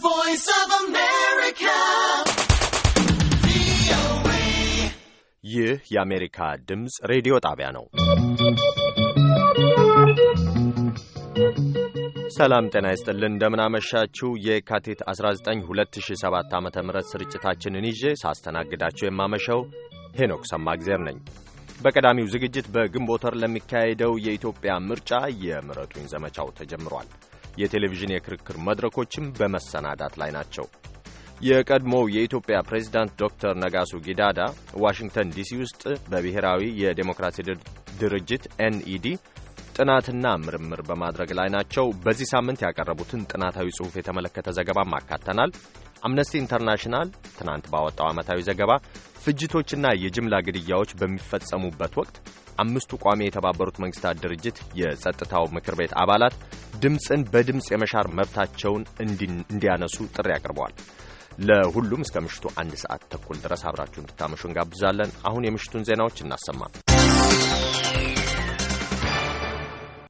Voice of America. ይህ የአሜሪካ ድምፅ ሬዲዮ ጣቢያ ነው። ሰላም ጤና ይስጥልን። እንደምናመሻችሁ የካቲት 19 2007 ዓ ም ስርጭታችንን ይዤ ሳስተናግዳችሁ የማመሸው ሄኖክ ሰማግዜር ነኝ። በቀዳሚው ዝግጅት በግንቦት ወር ለሚካሄደው የኢትዮጵያ ምርጫ የምረጡኝ ዘመቻው ተጀምሯል። የቴሌቪዥን የክርክር መድረኮችም በመሰናዳት ላይ ናቸው። የቀድሞው የኢትዮጵያ ፕሬዝዳንት ዶክተር ነጋሶ ጊዳዳ ዋሽንግተን ዲሲ ውስጥ በብሔራዊ የዴሞክራሲ ድርጅት ኤንኢዲ ጥናትና ምርምር በማድረግ ላይ ናቸው። በዚህ ሳምንት ያቀረቡትን ጥናታዊ ጽሑፍ የተመለከተ ዘገባም አካተናል። አምነስቲ ኢንተርናሽናል ትናንት ባወጣው ዓመታዊ ዘገባ ፍጅቶችና የጅምላ ግድያዎች በሚፈጸሙበት ወቅት አምስቱ ቋሚ የተባበሩት መንግስታት ድርጅት የጸጥታው ምክር ቤት አባላት ድምፅን በድምፅ የመሻር መብታቸውን እንዲያነሱ ጥሪ አቅርበዋል። ለሁሉም እስከ ምሽቱ አንድ ሰዓት ተኩል ድረስ አብራችሁ እንድታመሹ እንጋብዛለን። አሁን የምሽቱን ዜናዎች እናሰማ።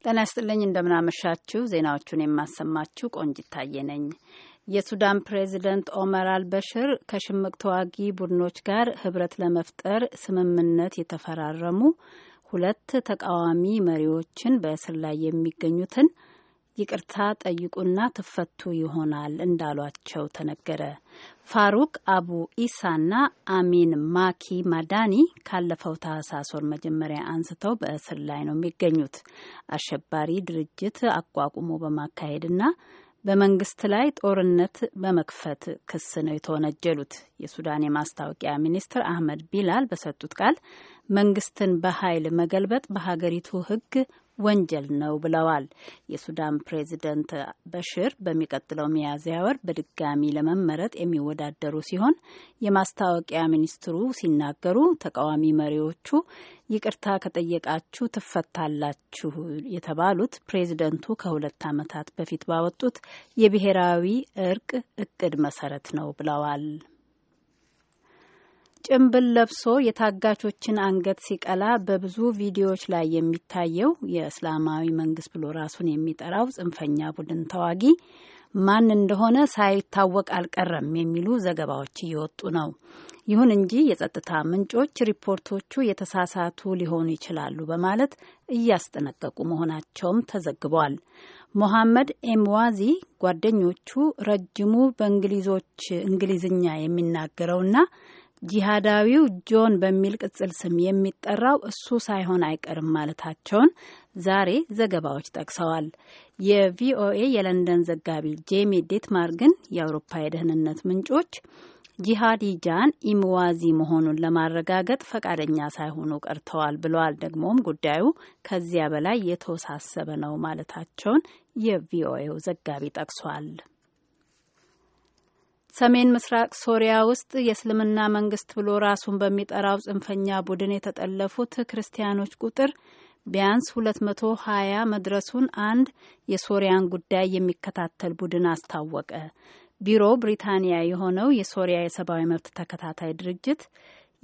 ጤና ይስጥልኝ፣ እንደምናመሻችሁ። ዜናዎቹን የማሰማችሁ ቆንጅት ታየ ነኝ። የሱዳን ፕሬዚደንት ኦመር አልበሽር ከሽምቅ ተዋጊ ቡድኖች ጋር ህብረት ለመፍጠር ስምምነት የተፈራረሙ ሁለት ተቃዋሚ መሪዎችን በእስር ላይ የሚገኙትን ይቅርታ ጠይቁና ትፈቱ ይሆናል እንዳሏቸው ተነገረ። ፋሩክ አቡ ኢሳና አሚን ማኪ ማዳኒ ካለፈው ታህሳስ ወር መጀመሪያ አንስተው በእስር ላይ ነው የሚገኙት አሸባሪ ድርጅት አቋቁሞ በማካሄድና በመንግስት ላይ ጦርነት በመክፈት ክስ ነው የተወነጀሉት። የሱዳን የማስታወቂያ ሚኒስትር አህመድ ቢላል በሰጡት ቃል መንግስትን በኃይል መገልበጥ በሀገሪቱ ሕግ ወንጀል ነው ብለዋል። የሱዳን ፕሬዚደንት በሽር በሚቀጥለው ሚያዝያ ወር በድጋሚ ለመመረጥ የሚወዳደሩ ሲሆን የማስታወቂያ ሚኒስትሩ ሲናገሩ ተቃዋሚ መሪዎቹ ይቅርታ ከጠየቃችሁ ትፈታላችሁ የተባሉት ፕሬዚደንቱ ከሁለት ዓመታት በፊት ባወጡት የብሔራዊ እርቅ እቅድ መሰረት ነው ብለዋል። ጭንብል ለብሶ የታጋቾችን አንገት ሲቀላ በብዙ ቪዲዮዎች ላይ የሚታየው የእስላማዊ መንግስት ብሎ ራሱን የሚጠራው ጽንፈኛ ቡድን ተዋጊ ማን እንደሆነ ሳይታወቅ አልቀረም የሚሉ ዘገባዎች እየወጡ ነው። ይሁን እንጂ የጸጥታ ምንጮች ሪፖርቶቹ የተሳሳቱ ሊሆኑ ይችላሉ በማለት እያስጠነቀቁ መሆናቸውም ተዘግቧል። ሞሐመድ ኤምዋዚ ጓደኞቹ ረጅሙ በእንግሊዞች እንግሊዝኛ የሚናገረውና ጂሃዳዊው ጆን በሚል ቅጽል ስም የሚጠራው እሱ ሳይሆን አይቀርም ማለታቸውን ዛሬ ዘገባዎች ጠቅሰዋል። የቪኦኤ የለንደን ዘጋቢ ጄሚ ዴትማር ግን የአውሮፓ የደህንነት ምንጮች ጂሃዲ ጃን ኢምዋዚ መሆኑን ለማረጋገጥ ፈቃደኛ ሳይሆኑ ቀርተዋል ብለዋል። ደግሞም ጉዳዩ ከዚያ በላይ የተወሳሰበ ነው ማለታቸውን የቪኦኤው ዘጋቢ ጠቅሷል። ሰሜን ምስራቅ ሶሪያ ውስጥ የእስልምና መንግስት ብሎ ራሱን በሚጠራው ጽንፈኛ ቡድን የተጠለፉት ክርስቲያኖች ቁጥር ቢያንስ 220 መድረሱን አንድ የሶሪያን ጉዳይ የሚከታተል ቡድን አስታወቀ። ቢሮ ብሪታንያ የሆነው የሶሪያ የሰብአዊ መብት ተከታታይ ድርጅት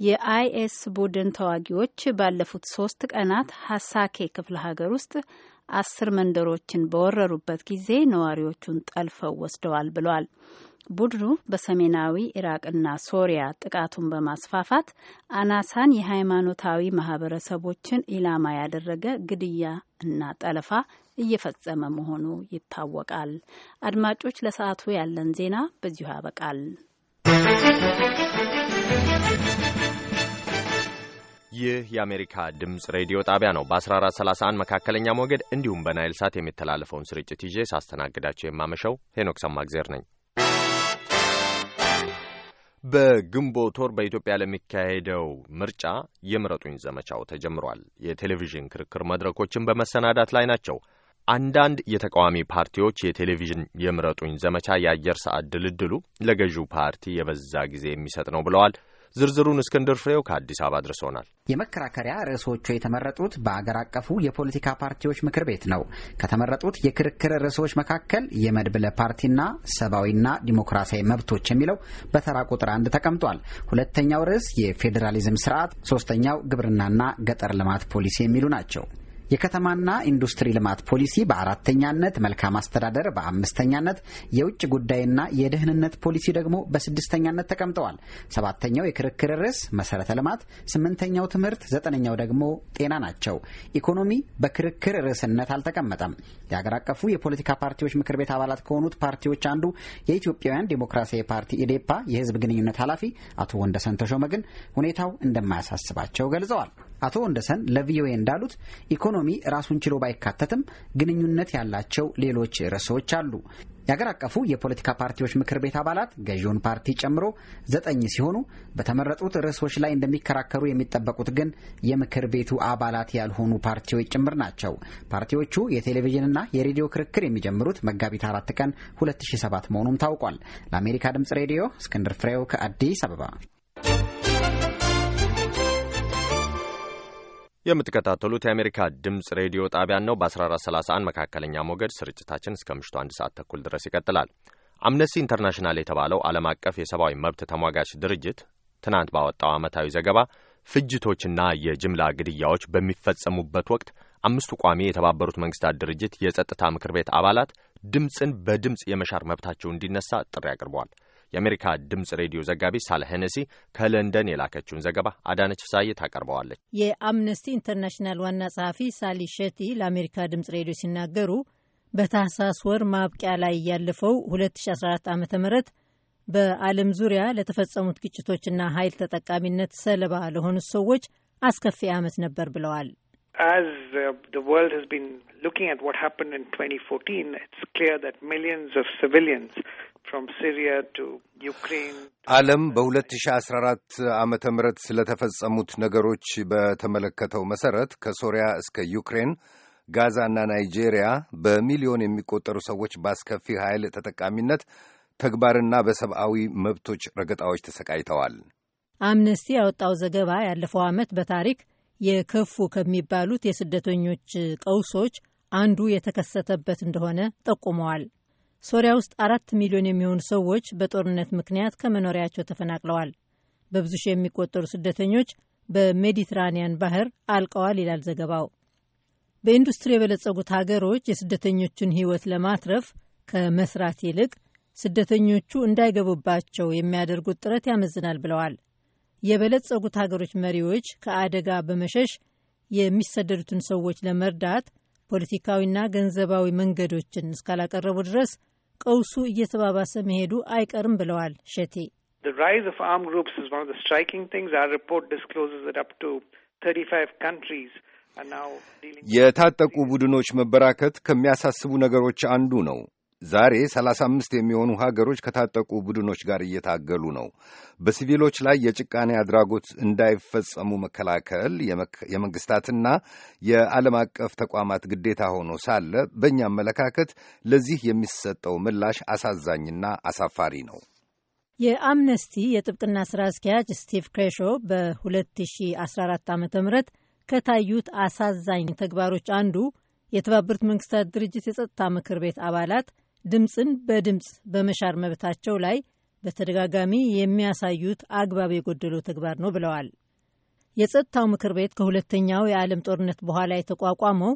የአይኤስ ቡድን ተዋጊዎች ባለፉት ሶስት ቀናት ሀሳኬ ክፍለ ሀገር ውስጥ አስር መንደሮችን በወረሩበት ጊዜ ነዋሪዎቹን ጠልፈው ወስደዋል ብሏል። ቡድኑ በሰሜናዊ ኢራቅና ሶሪያ ጥቃቱን በማስፋፋት አናሳን የሃይማኖታዊ ማህበረሰቦችን ኢላማ ያደረገ ግድያ እና ጠለፋ እየፈጸመ መሆኑ ይታወቃል። አድማጮች፣ ለሰዓቱ ያለን ዜና በዚሁ ያበቃል። ይህ የአሜሪካ ድምፅ ሬዲዮ ጣቢያ ነው። በ1431 መካከለኛ ሞገድ እንዲሁም በናይል ሳት የሚተላለፈውን ስርጭት ይዤ ሳስተናግዳቸው የማመሸው ሄኖክ ሰማግዜር ነኝ። በግንቦት ወር በኢትዮጵያ ለሚካሄደው ምርጫ የምረጡኝ ዘመቻው ተጀምሯል። የቴሌቪዥን ክርክር መድረኮችን በመሰናዳት ላይ ናቸው። አንዳንድ የተቃዋሚ ፓርቲዎች የቴሌቪዥን የምረጡኝ ዘመቻ የአየር ሰዓት ድልድሉ ለገዢው ፓርቲ የበዛ ጊዜ የሚሰጥ ነው ብለዋል። ዝርዝሩን እስክንድር ፍሬው ከአዲስ አበባ ድርሶናል። የመከራከሪያ ርዕሶቹ የተመረጡት በአገር አቀፉ የፖለቲካ ፓርቲዎች ምክር ቤት ነው። ከተመረጡት የክርክር ርዕሶች መካከል የመድብለ ፓርቲና ሰብአዊና ዲሞክራሲያዊ መብቶች የሚለው በተራ ቁጥር አንድ ተቀምጧል። ሁለተኛው ርዕስ የፌዴራሊዝም ስርዓት፣ ሶስተኛው ግብርናና ገጠር ልማት ፖሊሲ የሚሉ ናቸው። የከተማና ኢንዱስትሪ ልማት ፖሊሲ በአራተኛነት፣ መልካም አስተዳደር በአምስተኛነት፣ የውጭ ጉዳይና የደህንነት ፖሊሲ ደግሞ በስድስተኛነት ተቀምጠዋል። ሰባተኛው የክርክር ርዕስ መሰረተ ልማት፣ ስምንተኛው ትምህርት፣ ዘጠነኛው ደግሞ ጤና ናቸው። ኢኮኖሚ በክርክር ርዕስነት አልተቀመጠም። የአገር አቀፉ የፖለቲካ ፓርቲዎች ምክር ቤት አባላት ከሆኑት ፓርቲዎች አንዱ የኢትዮጵያውያን ዴሞክራሲያዊ ፓርቲ ኢዴፓ የህዝብ ግንኙነት ኃላፊ አቶ ወንደሰን ተሾመ ግን ሁኔታው እንደማያሳስባቸው ገልጸዋል። አቶ ወንደሰን ለቪኦኤ እንዳሉት ኢኮኖሚ ራሱን ችሎ ባይካተትም ግንኙነት ያላቸው ሌሎች ርዕሶች አሉ። የአገር አቀፉ የፖለቲካ ፓርቲዎች ምክር ቤት አባላት ገዢውን ፓርቲ ጨምሮ ዘጠኝ ሲሆኑ በተመረጡት ርዕሶች ላይ እንደሚከራከሩ የሚጠበቁት ግን የምክር ቤቱ አባላት ያልሆኑ ፓርቲዎች ጭምር ናቸው። ፓርቲዎቹ የቴሌቪዥንና የሬዲዮ ክርክር የሚጀምሩት መጋቢት አራት ቀን 2007 መሆኑም ታውቋል። ለአሜሪካ ድምጽ ሬዲዮ እስክንድር ፍሬው ከአዲስ አበባ የምትከታተሉት የአሜሪካ ድምፅ ሬዲዮ ጣቢያን ነው። በ1431 መካከለኛ ሞገድ ስርጭታችን እስከ ምሽቱ አንድ ሰዓት ተኩል ድረስ ይቀጥላል። አምነስቲ ኢንተርናሽናል የተባለው ዓለም አቀፍ የሰብአዊ መብት ተሟጋች ድርጅት ትናንት ባወጣው ዓመታዊ ዘገባ ፍጅቶችና የጅምላ ግድያዎች በሚፈጸሙበት ወቅት አምስቱ ቋሚ የተባበሩት መንግስታት ድርጅት የጸጥታ ምክር ቤት አባላት ድምፅን በድምፅ የመሻር መብታቸው እንዲነሳ ጥሪ አቅርበዋል። የአሜሪካ ድምጽ ሬዲዮ ዘጋቢ ሳለህ ነሲ ከለንደን የላከችውን ዘገባ አዳነች ሳየ ታቀርበዋለች። የአምነስቲ ኢንተርናሽናል ዋና ጸሐፊ ሳሊ ሸቲ ለአሜሪካ ድምፅ ሬዲዮ ሲናገሩ በታህሳስ ወር ማብቂያ ላይ ያለፈው 2014 ዓ ም በዓለም ዙሪያ ለተፈጸሙት ግጭቶችና ኃይል ተጠቃሚነት ሰለባ ለሆኑት ሰዎች አስከፊ ዓመት ነበር ብለዋል። uh, ዓለም በ2014 ዓመተ ም ስለተፈጸሙት ነገሮች በተመለከተው መሰረት ከሶሪያ እስከ ዩክሬን፣ ጋዛና ናይጄሪያ በሚሊዮን የሚቆጠሩ ሰዎች በአስከፊ ኃይል ተጠቃሚነት ተግባርና በሰብአዊ መብቶች ረገጣዎች ተሰቃይተዋል። አምነስቲ ያወጣው ዘገባ ያለፈው ዓመት በታሪክ የከፉ ከሚባሉት የስደተኞች ቀውሶች አንዱ የተከሰተበት እንደሆነ ጠቁመዋል። ሶሪያ ውስጥ አራት ሚሊዮን የሚሆኑ ሰዎች በጦርነት ምክንያት ከመኖሪያቸው ተፈናቅለዋል። በብዙ ሺህ የሚቆጠሩ ስደተኞች በሜዲትራኒያን ባህር አልቀዋል ይላል ዘገባው። በኢንዱስትሪ የበለጸጉት ሀገሮች የስደተኞችን ሕይወት ለማትረፍ ከመስራት ይልቅ ስደተኞቹ እንዳይገቡባቸው የሚያደርጉት ጥረት ያመዝናል ብለዋል። የበለጸጉት ሀገሮች መሪዎች ከአደጋ በመሸሽ የሚሰደዱትን ሰዎች ለመርዳት ፖለቲካዊና ገንዘባዊ መንገዶችን እስካላቀረቡ ድረስ ቀውሱ እየተባባሰ መሄዱ አይቀርም ብለዋል ሸቴ። የታጠቁ ቡድኖች መበራከት ከሚያሳስቡ ነገሮች አንዱ ነው። ዛሬ 35 የሚሆኑ ሀገሮች ከታጠቁ ቡድኖች ጋር እየታገሉ ነው። በሲቪሎች ላይ የጭቃኔ አድራጎት እንዳይፈጸሙ መከላከል የመንግስታትና የዓለም አቀፍ ተቋማት ግዴታ ሆኖ ሳለ በእኛ አመለካከት ለዚህ የሚሰጠው ምላሽ አሳዛኝና አሳፋሪ ነው። የአምነስቲ የጥብቅና ስራ አስኪያጅ ስቲቭ ክሬሾ በ2014 ዓ ም ከታዩት አሳዛኝ ተግባሮች አንዱ የተባበሩት መንግስታት ድርጅት የጸጥታ ምክር ቤት አባላት ድምፅን በድምፅ በመሻር መብታቸው ላይ በተደጋጋሚ የሚያሳዩት አግባብ የጎደለው ተግባር ነው ብለዋል። የጸጥታው ምክር ቤት ከሁለተኛው የዓለም ጦርነት በኋላ የተቋቋመው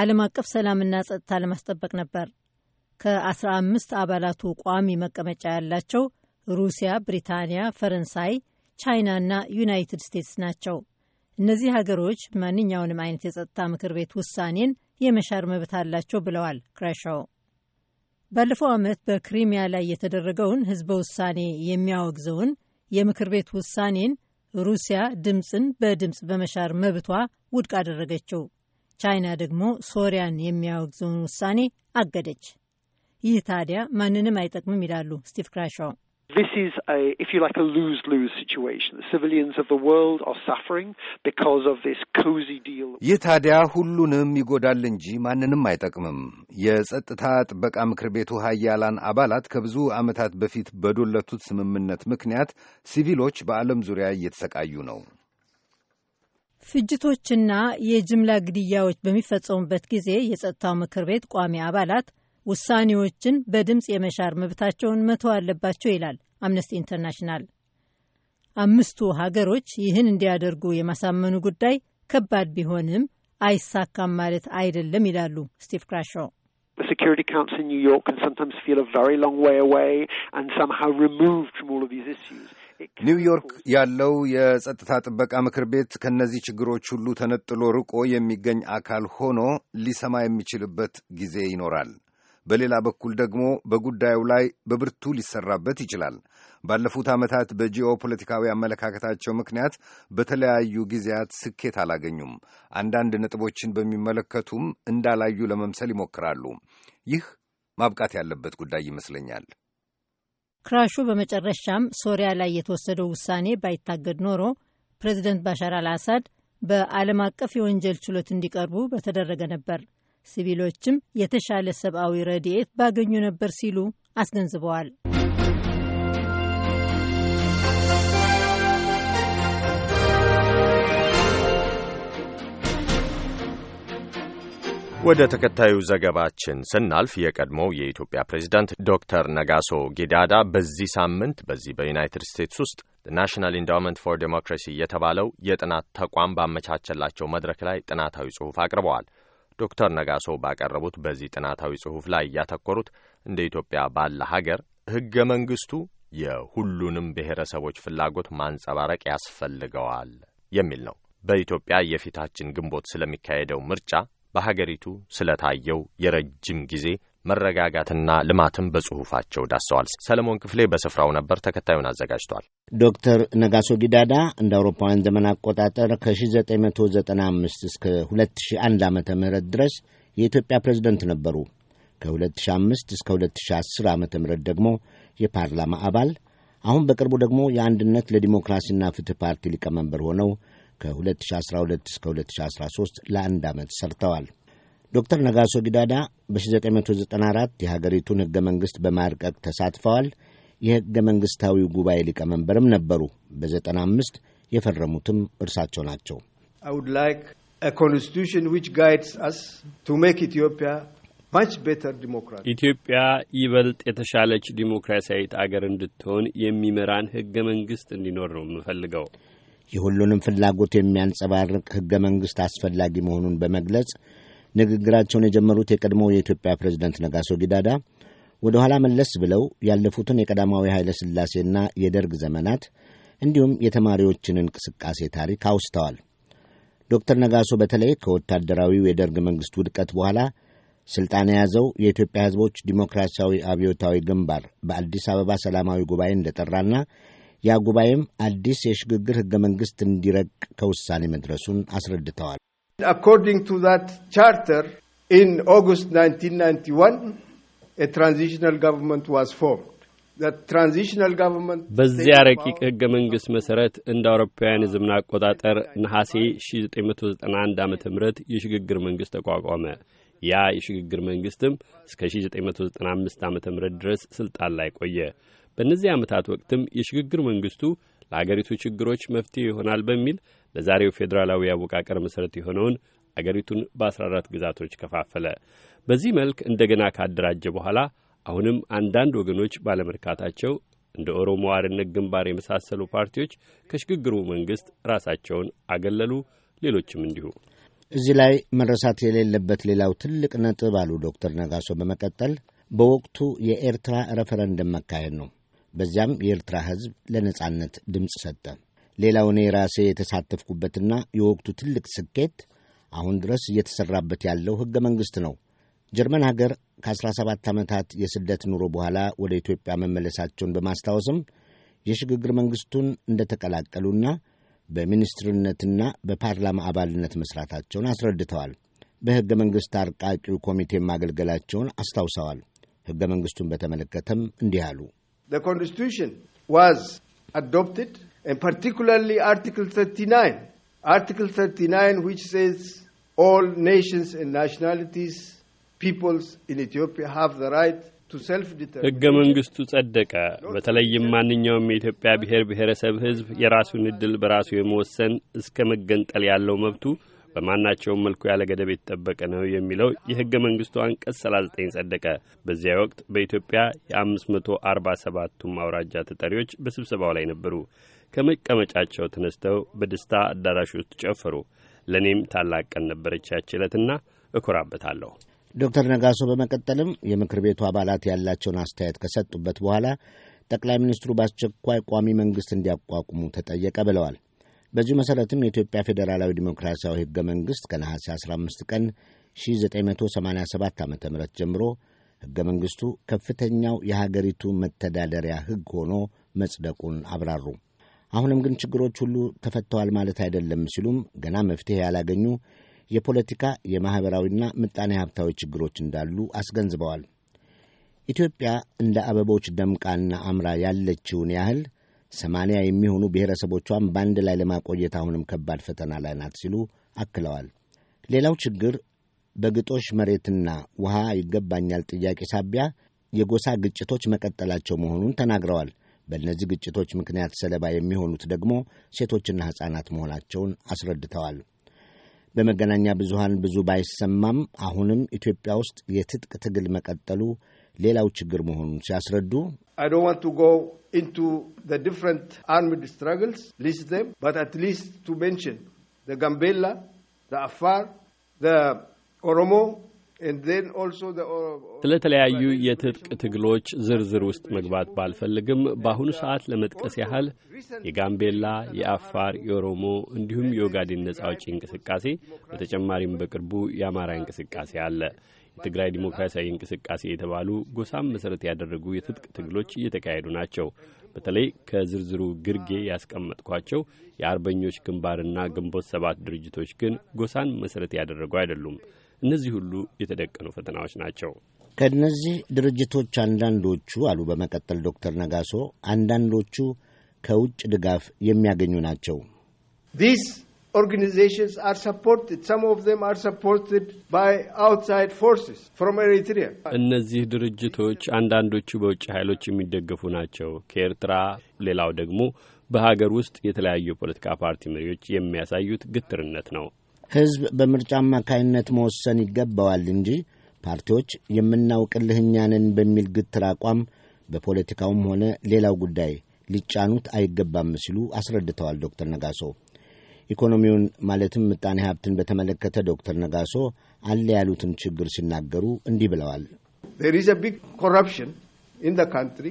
ዓለም አቀፍ ሰላምና ጸጥታ ለማስጠበቅ ነበር። ከ15 አባላቱ ቋሚ መቀመጫ ያላቸው ሩሲያ፣ ብሪታንያ፣ ፈረንሳይ፣ ቻይና እና ዩናይትድ ስቴትስ ናቸው። እነዚህ ሀገሮች ማንኛውንም አይነት የጸጥታ ምክር ቤት ውሳኔን የመሻር መብት አላቸው ብለዋል ክራሻው። ባለፈው ዓመት በክሪሚያ ላይ የተደረገውን ህዝበ ውሳኔ የሚያወግዘውን የምክር ቤት ውሳኔን ሩሲያ ድምፅን በድምፅ በመሻር መብቷ ውድቅ አደረገችው። ቻይና ደግሞ ሶሪያን የሚያወግዘውን ውሳኔ አገደች። ይህ ታዲያ ማንንም አይጠቅምም ይላሉ ስቲቭ ክራሻው። This is, a, if you like, a lose lose situation. The civilians of the world are suffering because of this cozy deal. ይህ ታዲያ ሁሉንም ይጎዳል እንጂ ማንንም አይጠቅምም። የጸጥታ ጥበቃ ምክር ቤቱ ሀያላን አባላት ከብዙ ዓመታት በፊት በዶለቱት ስምምነት ምክንያት ሲቪሎች በዓለም ዙሪያ እየተሰቃዩ ነው። ፍጅቶችና የጅምላ ግድያዎች በሚፈጸሙበት ጊዜ የጸጥታው ምክር ቤት ቋሚ አባላት ውሳኔዎችን በድምፅ የመሻር መብታቸውን መተው አለባቸው ይላል አምነስቲ ኢንተርናሽናል። አምስቱ ሀገሮች ይህን እንዲያደርጉ የማሳመኑ ጉዳይ ከባድ ቢሆንም አይሳካም ማለት አይደለም ይላሉ ስቲቭ ክራሾ። ኒውዮርክ ያለው የጸጥታ ጥበቃ ምክር ቤት ከእነዚህ ችግሮች ሁሉ ተነጥሎ ርቆ የሚገኝ አካል ሆኖ ሊሰማ የሚችልበት ጊዜ ይኖራል። በሌላ በኩል ደግሞ በጉዳዩ ላይ በብርቱ ሊሰራበት ይችላል። ባለፉት ዓመታት በጂኦ ፖለቲካዊ አመለካከታቸው ምክንያት በተለያዩ ጊዜያት ስኬት አላገኙም። አንዳንድ ነጥቦችን በሚመለከቱም እንዳላዩ ለመምሰል ይሞክራሉ። ይህ ማብቃት ያለበት ጉዳይ ይመስለኛል። ክራሹ በመጨረሻም ሶሪያ ላይ የተወሰደው ውሳኔ ባይታገድ ኖሮ ፕሬዚደንት ባሻር አልአሳድ በዓለም አቀፍ የወንጀል ችሎት እንዲቀርቡ በተደረገ ነበር። ሲቪሎችም የተሻለ ሰብአዊ ረድኤት ባገኙ ነበር ሲሉ አስገንዝበዋል። ወደ ተከታዩ ዘገባችን ስናልፍ የቀድሞው የኢትዮጵያ ፕሬዚዳንት ዶክተር ነጋሶ ጊዳዳ በዚህ ሳምንት በዚህ በዩናይትድ ስቴትስ ውስጥ ናሽናል ኢንዳውመንት ፎር ዴሞክራሲ የተባለው የጥናት ተቋም ባመቻቸላቸው መድረክ ላይ ጥናታዊ ጽሑፍ አቅርበዋል። ዶክተር ነጋሶ ባቀረቡት በዚህ ጥናታዊ ጽሑፍ ላይ ያተኮሩት እንደ ኢትዮጵያ ባለ ሀገር ሕገ መንግስቱ የሁሉንም ብሔረሰቦች ፍላጎት ማንጸባረቅ ያስፈልገዋል የሚል ነው። በኢትዮጵያ የፊታችን ግንቦት ስለሚካሄደው ምርጫ፣ በሀገሪቱ ስለታየው የረጅም ጊዜ መረጋጋትና ልማትም በጽሑፋቸው ዳሰዋል። ሰለሞን ክፍሌ በስፍራው ነበር፣ ተከታዩን አዘጋጅቷል። ዶክተር ነጋሶ ጊዳዳ እንደ አውሮፓውያን ዘመን አቆጣጠር ከ1995 እስከ 2001 ዓ ም ድረስ የኢትዮጵያ ፕሬዝደንት ነበሩ። ከ2005 እስከ 2010 ዓ ም ደግሞ የፓርላማ አባል፣ አሁን በቅርቡ ደግሞ የአንድነት ለዲሞክራሲና ፍትህ ፓርቲ ሊቀመንበር ሆነው ከ2012 እስከ 2013 ለአንድ ዓመት ሰርተዋል። ዶክተር ነጋሶ ጊዳዳ በ1994 የሀገሪቱን ሕገ መንግሥት በማርቀቅ ተሳትፈዋል። የሕገ መንግሥታዊው ጉባኤ ሊቀመንበርም ነበሩ። በ95 የፈረሙትም እርሳቸው ናቸው። ኢትዮጵያ ይበልጥ የተሻለች ዲሞክራሲያዊት አገር እንድትሆን የሚመራን ሕገ መንግሥት እንዲኖር ነው የምፈልገው። የሁሉንም ፍላጎት የሚያንጸባርቅ ሕገ መንግሥት አስፈላጊ መሆኑን በመግለጽ ንግግራቸውን የጀመሩት የቀድሞው የኢትዮጵያ ፕሬዝደንት ነጋሶ ጊዳዳ ወደ ኋላ መለስ ብለው ያለፉትን የቀዳማዊ ኃይለ ሥላሴና የደርግ ዘመናት እንዲሁም የተማሪዎችን እንቅስቃሴ ታሪክ አውስተዋል። ዶክተር ነጋሶ በተለይ ከወታደራዊው የደርግ መንግሥት ውድቀት በኋላ ሥልጣን የያዘው የኢትዮጵያ ሕዝቦች ዲሞክራሲያዊ አብዮታዊ ግንባር በአዲስ አበባ ሰላማዊ ጉባኤ እንደጠራና ያ ጉባኤም አዲስ የሽግግር ሕገ መንግሥት እንዲረቅ ከውሳኔ መድረሱን አስረድተዋል። According to that charter, in August 1991, a transitional government was formed. በዚያ ረቂቅ ህገ መንግስት መሰረት እንደ አውሮፓውያን የዘመን አቆጣጠር ነሐሴ 1991 ዓ ም የሽግግር መንግስት ተቋቋመ። ያ የሽግግር መንግስትም እስከ 1995 ዓ ም ድረስ ስልጣን ላይ ቆየ። በእነዚህ ዓመታት ወቅትም የሽግግር መንግስቱ ለአገሪቱ ችግሮች መፍትሄ ይሆናል በሚል ለዛሬው ፌዴራላዊ አወቃቀር መሠረት የሆነውን አገሪቱን በ14 ግዛቶች ከፋፈለ። በዚህ መልክ እንደገና ካደራጀ በኋላ አሁንም አንዳንድ ወገኖች ባለመርካታቸው እንደ ኦሮሞ አርነት ግንባር የመሳሰሉ ፓርቲዎች ከሽግግሩ መንግስት ራሳቸውን አገለሉ። ሌሎችም እንዲሁ። እዚህ ላይ መረሳት የሌለበት ሌላው ትልቅ ነጥብ አሉ ዶክተር ነጋሶ በመቀጠል በወቅቱ የኤርትራ ሬፈረንደም መካሄድ ነው። በዚያም የኤርትራ ሕዝብ ለነጻነት ድምፅ ሰጠ። ሌላው እኔ ራሴ የተሳተፍኩበትና የወቅቱ ትልቅ ስኬት አሁን ድረስ እየተሠራበት ያለው ሕገ መንግሥት ነው። ጀርመን ሀገር ከ17 ዓመታት የስደት ኑሮ በኋላ ወደ ኢትዮጵያ መመለሳቸውን በማስታወስም የሽግግር መንግሥቱን ተቀላቀሉና በሚኒስትርነትና በፓርላማ አባልነት መሥራታቸውን አስረድተዋል። በሕገ መንግሥት አርቃቂው ኮሚቴ ማገልገላቸውን አስታውሰዋል። ሕገ መንግሥቱን በተመለከተም እንዲህ አሉ። ኮንስቲቱሽን ዋዝ አዶፕትድ and particularly Article 39. Article 39, which says all nations and nationalities, peoples in Ethiopia have the right ህገ መንግስቱ ጸደቀ። በተለይም ማንኛውም የኢትዮጵያ ብሔር ብሔረሰብ ህዝብ የራሱን እድል በራሱ የመወሰን እስከ መገንጠል ያለው መብቱ በማናቸውም መልኩ ያለ ገደብ የተጠበቀ ነው የሚለው የህገ መንግስቱ አንቀጽ 39 ጸደቀ። በዚያ ወቅት በኢትዮጵያ የ547ቱም አውራጃ ተጠሪዎች በስብሰባው ላይ ነበሩ። ከመቀመጫቸው ተነስተው በደስታ አዳራሽ ውስጥ ጨፈሩ። ለእኔም ታላቅ ቀን ነበረች ያችለትና እኮራበታለሁ። ዶክተር ነጋሶ በመቀጠልም የምክር ቤቱ አባላት ያላቸውን አስተያየት ከሰጡበት በኋላ ጠቅላይ ሚኒስትሩ በአስቸኳይ ቋሚ መንግሥት እንዲያቋቁሙ ተጠየቀ ብለዋል። በዚሁ መሠረትም የኢትዮጵያ ፌዴራላዊ ዲሞክራሲያዊ ሕገ መንግሥት ከነሐሴ 15 ቀን 1987 ዓ ም ጀምሮ ሕገ መንግሥቱ ከፍተኛው የሀገሪቱ መተዳደሪያ ሕግ ሆኖ መጽደቁን አብራሩ። አሁንም ግን ችግሮች ሁሉ ተፈተዋል ማለት አይደለም ሲሉም ገና መፍትሄ ያላገኙ የፖለቲካ የማኅበራዊና ምጣኔ ሀብታዊ ችግሮች እንዳሉ አስገንዝበዋል። ኢትዮጵያ እንደ አበቦች ደምቃና አምራ ያለችውን ያህል ሰማንያ የሚሆኑ ብሔረሰቦቿን በአንድ ላይ ለማቆየት አሁንም ከባድ ፈተና ላይ ናት ሲሉ አክለዋል። ሌላው ችግር በግጦሽ መሬትና ውሃ ይገባኛል ጥያቄ ሳቢያ የጎሳ ግጭቶች መቀጠላቸው መሆኑን ተናግረዋል። በእነዚህ ግጭቶች ምክንያት ሰለባ የሚሆኑት ደግሞ ሴቶችና ሕፃናት መሆናቸውን አስረድተዋል። በመገናኛ ብዙሃን ብዙ ባይሰማም አሁንም ኢትዮጵያ ውስጥ የትጥቅ ትግል መቀጠሉ ሌላው ችግር መሆኑን ሲያስረዱ ጋምቤላ፣ አፋር፣ ኦሮሞ ስለተለያዩ uh, የትጥቅ ትግሎች ዝርዝር ውስጥ መግባት ባልፈልግም በአሁኑ ሰዓት ለመጥቀስ ያህል የጋምቤላ፣ የአፋር፣ የኦሮሞ እንዲሁም የኦጋዴን ነጻ አውጪ እንቅስቃሴ በተጨማሪም በቅርቡ የአማራ እንቅስቃሴ አለ። የትግራይ ዲሞክራሲያዊ እንቅስቃሴ የተባሉ ጎሳም መሠረት ያደረጉ የትጥቅ ትግሎች እየተካሄዱ ናቸው። በተለይ ከዝርዝሩ ግርጌ ያስቀመጥኳቸው የአርበኞች ግንባርና ግንቦት ሰባት ድርጅቶች ግን ጎሳን መሠረት ያደረጉ አይደሉም። እነዚህ ሁሉ የተደቀኑ ፈተናዎች ናቸው። ከእነዚህ ድርጅቶች አንዳንዶቹ አሉ፣ በመቀጠል ዶክተር ነጋሶ አንዳንዶቹ ከውጭ ድጋፍ የሚያገኙ ናቸው። አር ባይ አውትሳይድ ፎርስስ ኤሪትሪያ። እነዚህ ድርጅቶች አንዳንዶቹ በውጭ ኃይሎች የሚደገፉ ናቸው ከኤርትራ፣ ሌላው ደግሞ በሀገር ውስጥ የተለያዩ የፖለቲካ ፓርቲ መሪዎች የሚያሳዩት ግትርነት ነው። ሕዝብ በምርጫ አማካይነት መወሰን ይገባዋል እንጂ ፓርቲዎች የምናውቅልህኛንን በሚል ግትር አቋም በፖለቲካውም ሆነ ሌላው ጉዳይ ሊጫኑት አይገባም ሲሉ አስረድተዋል ዶክተር ነጋሶ። ኢኮኖሚውን ማለትም ምጣኔ ሀብትን በተመለከተ ዶክተር ነጋሶ አለ ያሉትን ችግር ሲናገሩ እንዲህ ብለዋል። ዜር ኢዝ አ ቢግ ኮረፕሽን ኢን ዘ ካንትሪ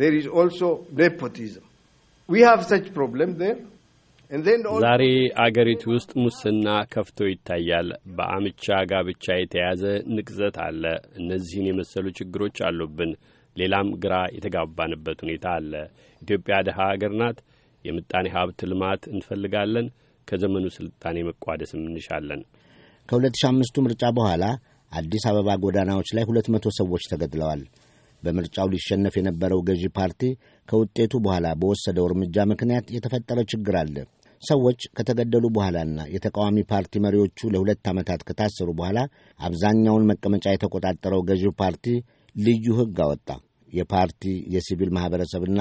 ዜር ኢዝ ኦልሶ ኔፖቲዝም ዊ ሃቭ ሰች ፕሮብለም ዜር ዛሬ አገሪቱ ውስጥ ሙስና ከፍቶ ይታያል። በአምቻ ጋብቻ የተያዘ ንቅዘት አለ። እነዚህን የመሰሉ ችግሮች አሉብን። ሌላም ግራ የተጋባንበት ሁኔታ አለ። ኢትዮጵያ ድሀ አገር ናት። የምጣኔ ሀብት ልማት እንፈልጋለን። ከዘመኑ ስልጣኔ መቋደስም እንሻለን። ከ2005ቱ ምርጫ በኋላ አዲስ አበባ ጎዳናዎች ላይ ሁለት መቶ ሰዎች ተገድለዋል። በምርጫው ሊሸነፍ የነበረው ገዢ ፓርቲ ከውጤቱ በኋላ በወሰደው እርምጃ ምክንያት የተፈጠረ ችግር አለ። ሰዎች ከተገደሉ በኋላና የተቃዋሚ ፓርቲ መሪዎቹ ለሁለት ዓመታት ከታሰሩ በኋላ አብዛኛውን መቀመጫ የተቆጣጠረው ገዢው ፓርቲ ልዩ ሕግ አወጣ። የፓርቲ የሲቪል ማኅበረሰብና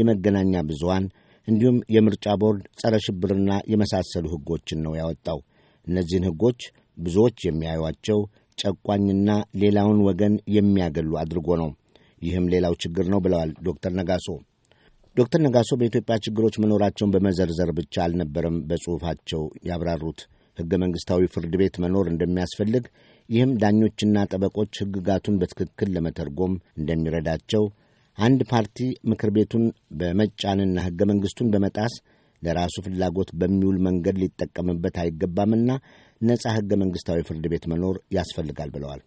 የመገናኛ ብዙሃን እንዲሁም የምርጫ ቦርድ ጸረ ሽብርና የመሳሰሉ ሕጎችን ነው ያወጣው። እነዚህን ሕጎች ብዙዎች የሚያዩቸው ጨቋኝና ሌላውን ወገን የሚያገሉ አድርጎ ነው። ይህም ሌላው ችግር ነው ብለዋል ዶክተር ነጋሶ። ዶክተር ነጋሶ በኢትዮጵያ ችግሮች መኖራቸውን በመዘርዘር ብቻ አልነበረም በጽሑፋቸው ያብራሩት። ሕገ መንግሥታዊ ፍርድ ቤት መኖር እንደሚያስፈልግ ይህም ዳኞችና ጠበቆች ሕግጋቱን በትክክል ለመተርጎም እንደሚረዳቸው፣ አንድ ፓርቲ ምክር ቤቱን በመጫንና ሕገ መንግሥቱን በመጣስ ለራሱ ፍላጎት በሚውል መንገድ ሊጠቀምበት አይገባምና ነጻ ሕገ መንግሥታዊ ፍርድ ቤት መኖር ያስፈልጋል ብለዋል።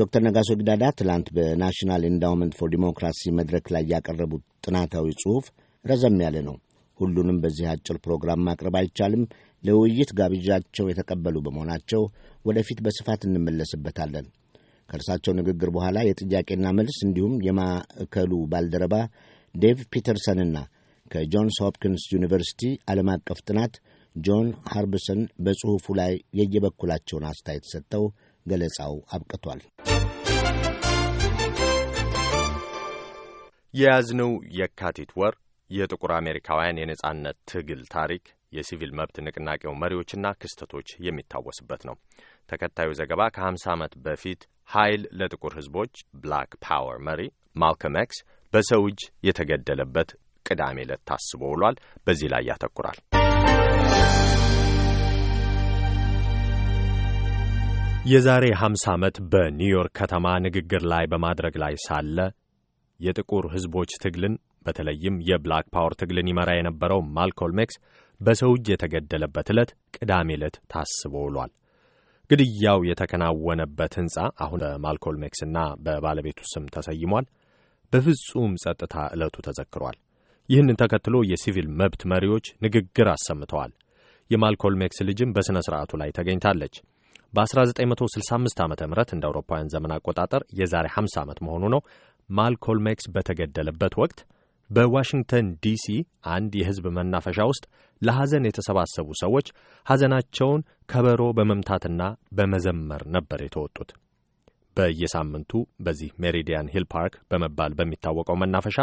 ዶክተር ነጋሶ ጊዳዳ ትላንት በናሽናል ኤንዳውመንት ፎር ዲሞክራሲ መድረክ ላይ ያቀረቡት ጥናታዊ ጽሑፍ ረዘም ያለ ነው። ሁሉንም በዚህ አጭር ፕሮግራም ማቅረብ አይቻልም። ለውይይት ጋብዣቸው የተቀበሉ በመሆናቸው ወደፊት በስፋት እንመለስበታለን። ከእርሳቸው ንግግር በኋላ የጥያቄና መልስ እንዲሁም የማዕከሉ ባልደረባ ዴቭ ፒተርሰንና ከጆንስ ሆፕኪንስ ዩኒቨርሲቲ ዓለም አቀፍ ጥናት ጆን ሃርብሰን በጽሑፉ ላይ የየበኩላቸውን አስተያየት ሰጥተው ገለጻው አብቅቷል። የያዝነው የካቲት ወር የጥቁር አሜሪካውያን የነጻነት ትግል ታሪክ፣ የሲቪል መብት ንቅናቄው መሪዎችና ክስተቶች የሚታወስበት ነው። ተከታዩ ዘገባ ከ50 ዓመት በፊት ኃይል ለጥቁር ህዝቦች ብላክ ፓወር መሪ ማልከም ኤክስ በሰው እጅ የተገደለበት ቅዳሜ ዕለት ታስቦ ውሏል። በዚህ ላይ ያተኩራል። የዛሬ 50 ዓመት በኒውዮርክ ከተማ ንግግር ላይ በማድረግ ላይ ሳለ የጥቁር ሕዝቦች ትግልን በተለይም የብላክ ፓወር ትግልን ይመራ የነበረው ማልኮልም ኤክስ በሰው እጅ የተገደለበት ዕለት ቅዳሜ ዕለት ታስቦ ውሏል። ግድያው የተከናወነበት ሕንፃ አሁን በማልኮልም ኤክስ እና በባለቤቱ ስም ተሰይሟል። በፍጹም ጸጥታ ዕለቱ ተዘክሯል። ይህንን ተከትሎ የሲቪል መብት መሪዎች ንግግር አሰምተዋል። የማልኮልም ኤክስ ልጅም በሥነ ሥርዓቱ ላይ ተገኝታለች። በ1965 ዓ ም እንደ አውሮፓውያን ዘመን አቆጣጠር የዛሬ 50 ዓመት መሆኑ ነው። ማልኮልም ኤክስ በተገደለበት ወቅት በዋሽንግተን ዲሲ አንድ የሕዝብ መናፈሻ ውስጥ ለሐዘን የተሰባሰቡ ሰዎች ሐዘናቸውን ከበሮ በመምታትና በመዘመር ነበር የተወጡት። በየሳምንቱ በዚህ ሜሪዲያን ሂል ፓርክ በመባል በሚታወቀው መናፈሻ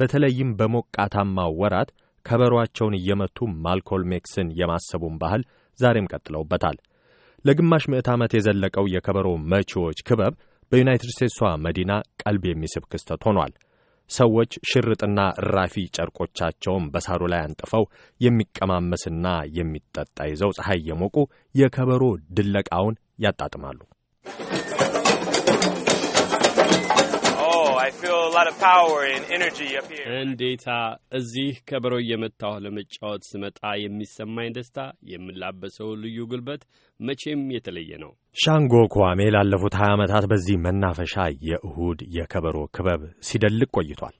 በተለይም በሞቃታማው ወራት ከበሮአቸውን እየመቱ ማልኮልም ኤክስን የማሰቡን ባህል ዛሬም ቀጥለውበታል። ለግማሽ ምዕት ዓመት የዘለቀው የከበሮ መቺዎች ክበብ በዩናይትድ ስቴትሷ መዲና ቀልብ የሚስብ ክስተት ሆኗል። ሰዎች ሽርጥና ራፊ ጨርቆቻቸውን በሳሩ ላይ አንጥፈው የሚቀማመስና የሚጠጣ ይዘው ፀሐይ የሞቁ የከበሮ ድለቃውን ያጣጥማሉ። እንዴታ! እዚህ ከበሮ እየመታሁ ለመጫወት ስመጣ የሚሰማኝ ደስታ፣ የምላበሰው ልዩ ጉልበት መቼም የተለየ ነው። ሻንጎ ኳሜ ላለፉት 20 ዓመታት በዚህ መናፈሻ የእሁድ የከበሮ ክበብ ሲደልቅ ቆይቷል።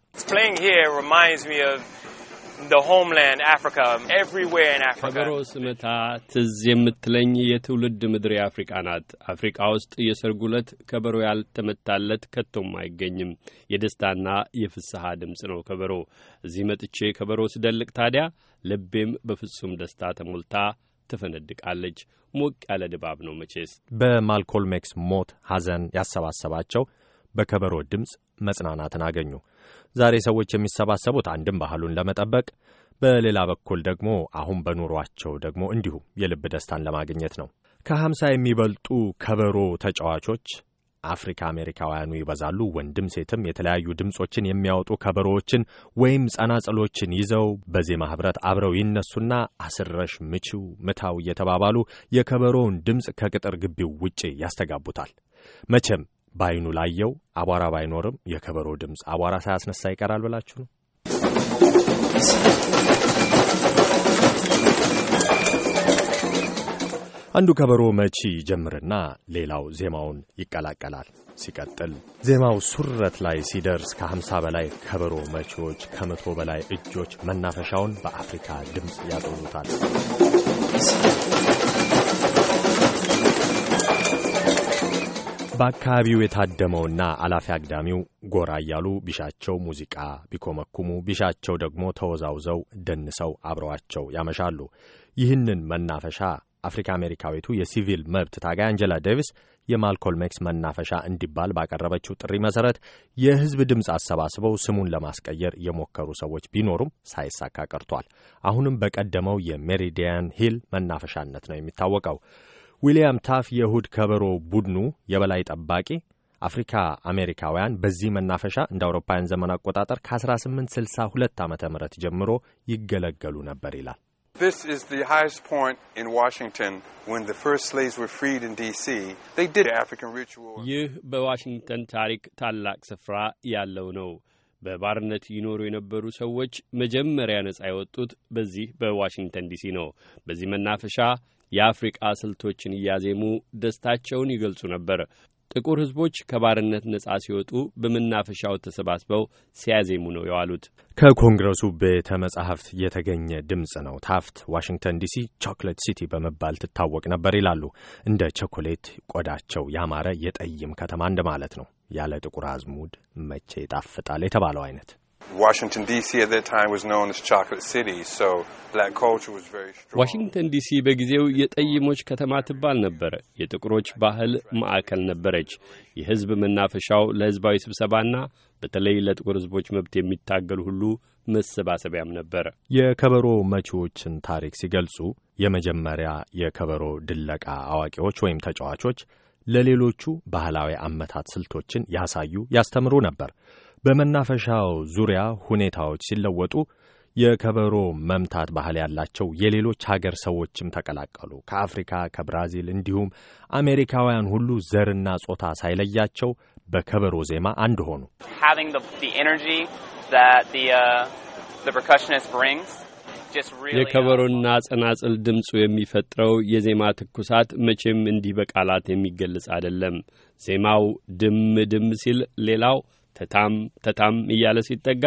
ከበሮ ስመታ ትዝ የምትለኝ የትውልድ ምድር አፍሪቃ ናት። አፍሪቃ ውስጥ የሰርጉ ዕለት ከበሮ ያልተመታለት ከቶም አይገኝም። የደስታና የፍስሐ ድምፅ ነው ከበሮ። እዚህ መጥቼ ከበሮ ስደልቅ ታዲያ ልቤም በፍጹም ደስታ ተሞልታ ትፈነድቃለች። ሞቅ ያለ ድባብ ነው መቼስ። በማልኮልሜክስ ሞት ሐዘን ያሰባሰባቸው በከበሮ ድምፅ መጽናናትን አገኙ። ዛሬ ሰዎች የሚሰባሰቡት አንድም ባህሉን ለመጠበቅ፣ በሌላ በኩል ደግሞ አሁን በኑሯቸው ደግሞ እንዲሁ የልብ ደስታን ለማግኘት ነው። ከሀምሳ የሚበልጡ ከበሮ ተጫዋቾች አፍሪካ አሜሪካውያኑ ይበዛሉ። ወንድም ሴትም የተለያዩ ድምፆችን የሚያወጡ ከበሮዎችን ወይም ጸናጽሎችን ይዘው በዜማ ኅብረት አብረው ይነሱና አስረሽ፣ ምችው፣ ምታው እየተባባሉ የከበሮውን ድምፅ ከቅጥር ግቢው ውጪ ያስተጋቡታል። መቼም በአይኑ ላየው አቧራ ባይኖርም የከበሮ ድምፅ አቧራ ሳያስነሳ ይቀራል ብላችሁ ነው? አንዱ ከበሮ መቺ ጀምርና ሌላው ዜማውን ይቀላቀላል። ሲቀጥል ዜማው ሱረት ላይ ሲደርስ ከሀምሳ በላይ ከበሮ መቺዎች፣ ከመቶ በላይ እጆች መናፈሻውን በአፍሪካ ድምፅ ያጦዙታል። በአካባቢው የታደመውና አላፊ አግዳሚው ጎራ እያሉ ቢሻቸው ሙዚቃ ቢኮመኩሙ፣ ቢሻቸው ደግሞ ተወዛውዘው ደንሰው አብረዋቸው ያመሻሉ። ይህንን መናፈሻ አፍሪካ አሜሪካዊቱ የሲቪል መብት ታጋይ አንጀላ ዴቪስ የማልኮል ኤክስ መናፈሻ እንዲባል ባቀረበችው ጥሪ መሰረት የሕዝብ ድምፅ አሰባስበው ስሙን ለማስቀየር የሞከሩ ሰዎች ቢኖሩም ሳይሳካ ቀርቷል። አሁንም በቀደመው የሜሪዲያን ሂል መናፈሻነት ነው የሚታወቀው። ዊልያም ታፍ የእሁድ ከበሮ ቡድኑ የበላይ ጠባቂ አፍሪካ አሜሪካውያን በዚህ መናፈሻ እንደ አውሮፓውያን ዘመን አቆጣጠር ከ1862 ዓ ም ጀምሮ ይገለገሉ ነበር ይላል። This is the highest point in Washington when the first slaves were freed in D.C. They did African ritual. ይህ በዋሽንግተን ታሪክ ታላቅ ስፍራ ያለው ነው። በባርነት ይኖሩ የነበሩ ሰዎች መጀመሪያ ነጻ የወጡት በዚህ በዋሽንግተን ዲሲ ነው። በዚህ መናፈሻ የአፍሪቃ ስልቶችን እያዜሙ ደስታቸውን ይገልጹ ነበር። ጥቁር ሕዝቦች ከባርነት ነጻ ሲወጡ በመናፈሻው ተሰባስበው ሲያዜሙ ነው የዋሉት። ከኮንግረሱ ቤተ መጻሕፍት የተገኘ ድምፅ ነው። ታፍት ዋሽንግተን ዲሲ ቾክሌት ሲቲ በመባል ትታወቅ ነበር ይላሉ። እንደ ቸኮሌት ቆዳቸው ያማረ የጠይም ከተማ እንደማለት ነው። ያለ ጥቁር አዝሙድ መቼ ይጣፍጣል የተባለው አይነት ዋሽንግተን ዲሲ በጊዜው የጠይሞች ከተማ ትባል ነበር። የጥቁሮች ባህል ማዕከል ነበረች። የህዝብ መናፈሻው ለህዝባዊ ስብሰባና በተለይ ለጥቁር ህዝቦች መብት የሚታገል ሁሉ መሰባሰቢያም ነበር። የከበሮ መቺዎችን ታሪክ ሲገልጹ የመጀመሪያ የከበሮ ድለቃ አዋቂዎች ወይም ተጫዋቾች ለሌሎቹ ባህላዊ አመታት ስልቶችን ያሳዩ ያስተምሩ ነበር። በመናፈሻው ዙሪያ ሁኔታዎች ሲለወጡ የከበሮ መምታት ባህል ያላቸው የሌሎች ሀገር ሰዎችም ተቀላቀሉ። ከአፍሪካ፣ ከብራዚል እንዲሁም አሜሪካውያን ሁሉ ዘርና ጾታ ሳይለያቸው በከበሮ ዜማ አንድ ሆኑ። uh, uh, የከበሮና ጸናጽል ድምፁ የሚፈጥረው የዜማ ትኩሳት መቼም እንዲህ በቃላት የሚገለጽ አይደለም። ዜማው ድም ድም ሲል ሌላው ተታም ተታም እያለ ሲጠጋ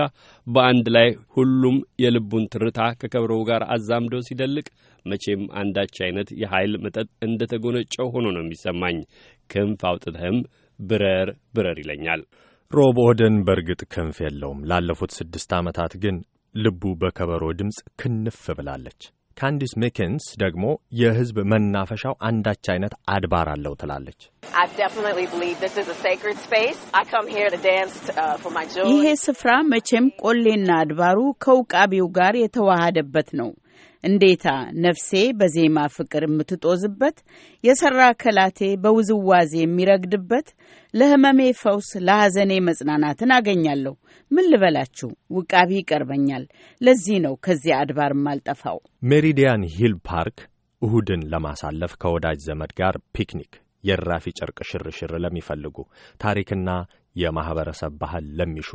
በአንድ ላይ ሁሉም የልቡን ትርታ ከከበሮው ጋር አዛምዶ ሲደልቅ መቼም አንዳች አይነት የኃይል መጠጥ እንደ ተጎነጨው ሆኖ ነው የሚሰማኝ። ክንፍ አውጥተህም ብረር ብረር ይለኛል። ሮብ ኦደን በእርግጥ ክንፍ የለውም። ላለፉት ስድስት ዓመታት ግን ልቡ በከበሮ ድምፅ ክንፍ ብላለች። ካንዲስ ሚኪንስ ደግሞ የህዝብ መናፈሻው አንዳች አይነት አድባር አለው ትላለች። uh, ይሄ ስፍራ መቼም ቆሌና አድባሩ ከውቃቢው ጋር የተዋሃደበት ነው። እንዴታ ነፍሴ በዜማ ፍቅር የምትጦዝበት የሠራ ከላቴ በውዝዋዜ የሚረግድበት ለሕመሜ ፈውስ ለሐዘኔ መጽናናትን አገኛለሁ። ምን ልበላችሁ ውቃቢ ይቀርበኛል። ለዚህ ነው ከዚህ አድባር ማልጠፋው። ሜሪዲያን ሂል ፓርክ እሁድን ለማሳለፍ ከወዳጅ ዘመድ ጋር ፒክኒክ፣ የራፊ ጨርቅ ሽርሽር ለሚፈልጉ፣ ታሪክና የማኅበረሰብ ባህል ለሚሹ፣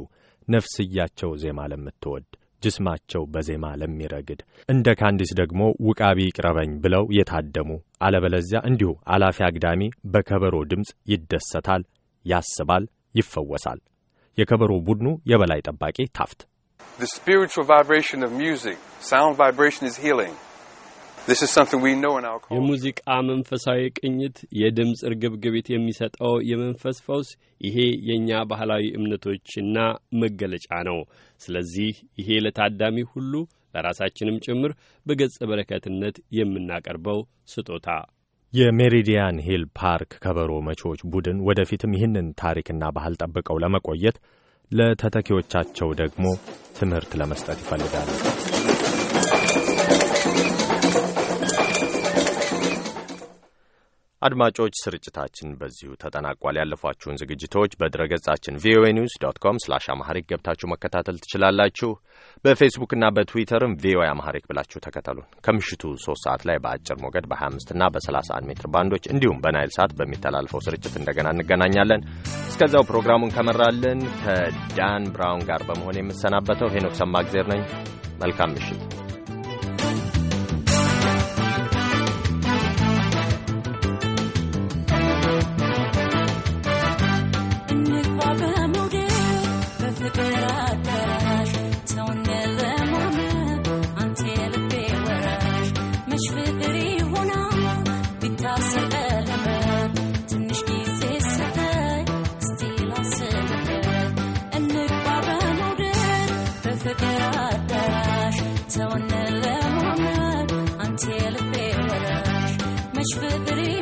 ነፍስያቸው ዜማ ለምትወድ ጅስማቸው በዜማ ለሚረግድ እንደ ካንዲስ ደግሞ ውቃቢ ቅረበኝ ብለው የታደሙ አለበለዚያ እንዲሁ አላፊ አግዳሚ በከበሮ ድምፅ ይደሰታል፣ ያስባል፣ ይፈወሳል። የከበሮ ቡድኑ የበላይ ጠባቂ ታፍት The spiritual vibration of music, sound vibration is healing. የሙዚቃ መንፈሳዊ ቅኝት፣ የድምፅ እርግብግቢት የሚሰጠው የመንፈስ ፈውስ፣ ይሄ የእኛ ባህላዊ እምነቶችና መገለጫ ነው። ስለዚህ ይሄ ለታዳሚ ሁሉ ለራሳችንም ጭምር በገጸ በረከትነት የምናቀርበው ስጦታ የሜሪዲያን ሂል ፓርክ ከበሮ መቾች ቡድን ወደፊትም ይህንን ታሪክና ባህል ጠብቀው ለመቆየት ለተተኪዎቻቸው ደግሞ ትምህርት ለመስጠት ይፈልጋሉ። አድማጮች ስርጭታችን በዚሁ ተጠናቋል። ያለፏችሁን ዝግጅቶች በድረገጻችን ቪኦኤ ኒውስ ዶት ኮም ስላሽ አማሐሪክ ገብታችሁ መከታተል ትችላላችሁ። በፌስቡክና በትዊተርም ቪኦኤ አማሐሪክ ብላችሁ ተከተሉን። ከምሽቱ ሶስት ሰዓት ላይ በአጭር ሞገድ በ25ና በ31 ሜትር ባንዶች እንዲሁም በናይል ሰዓት በሚተላልፈው ስርጭት እንደገና እንገናኛለን። እስከዚያው ፕሮግራሙን ከመራልን ከዳን ብራውን ጋር በመሆን የምሰናበተው ሄኖክ ሰማግዜር ነኝ። መልካም ምሽት። Kaç bedeli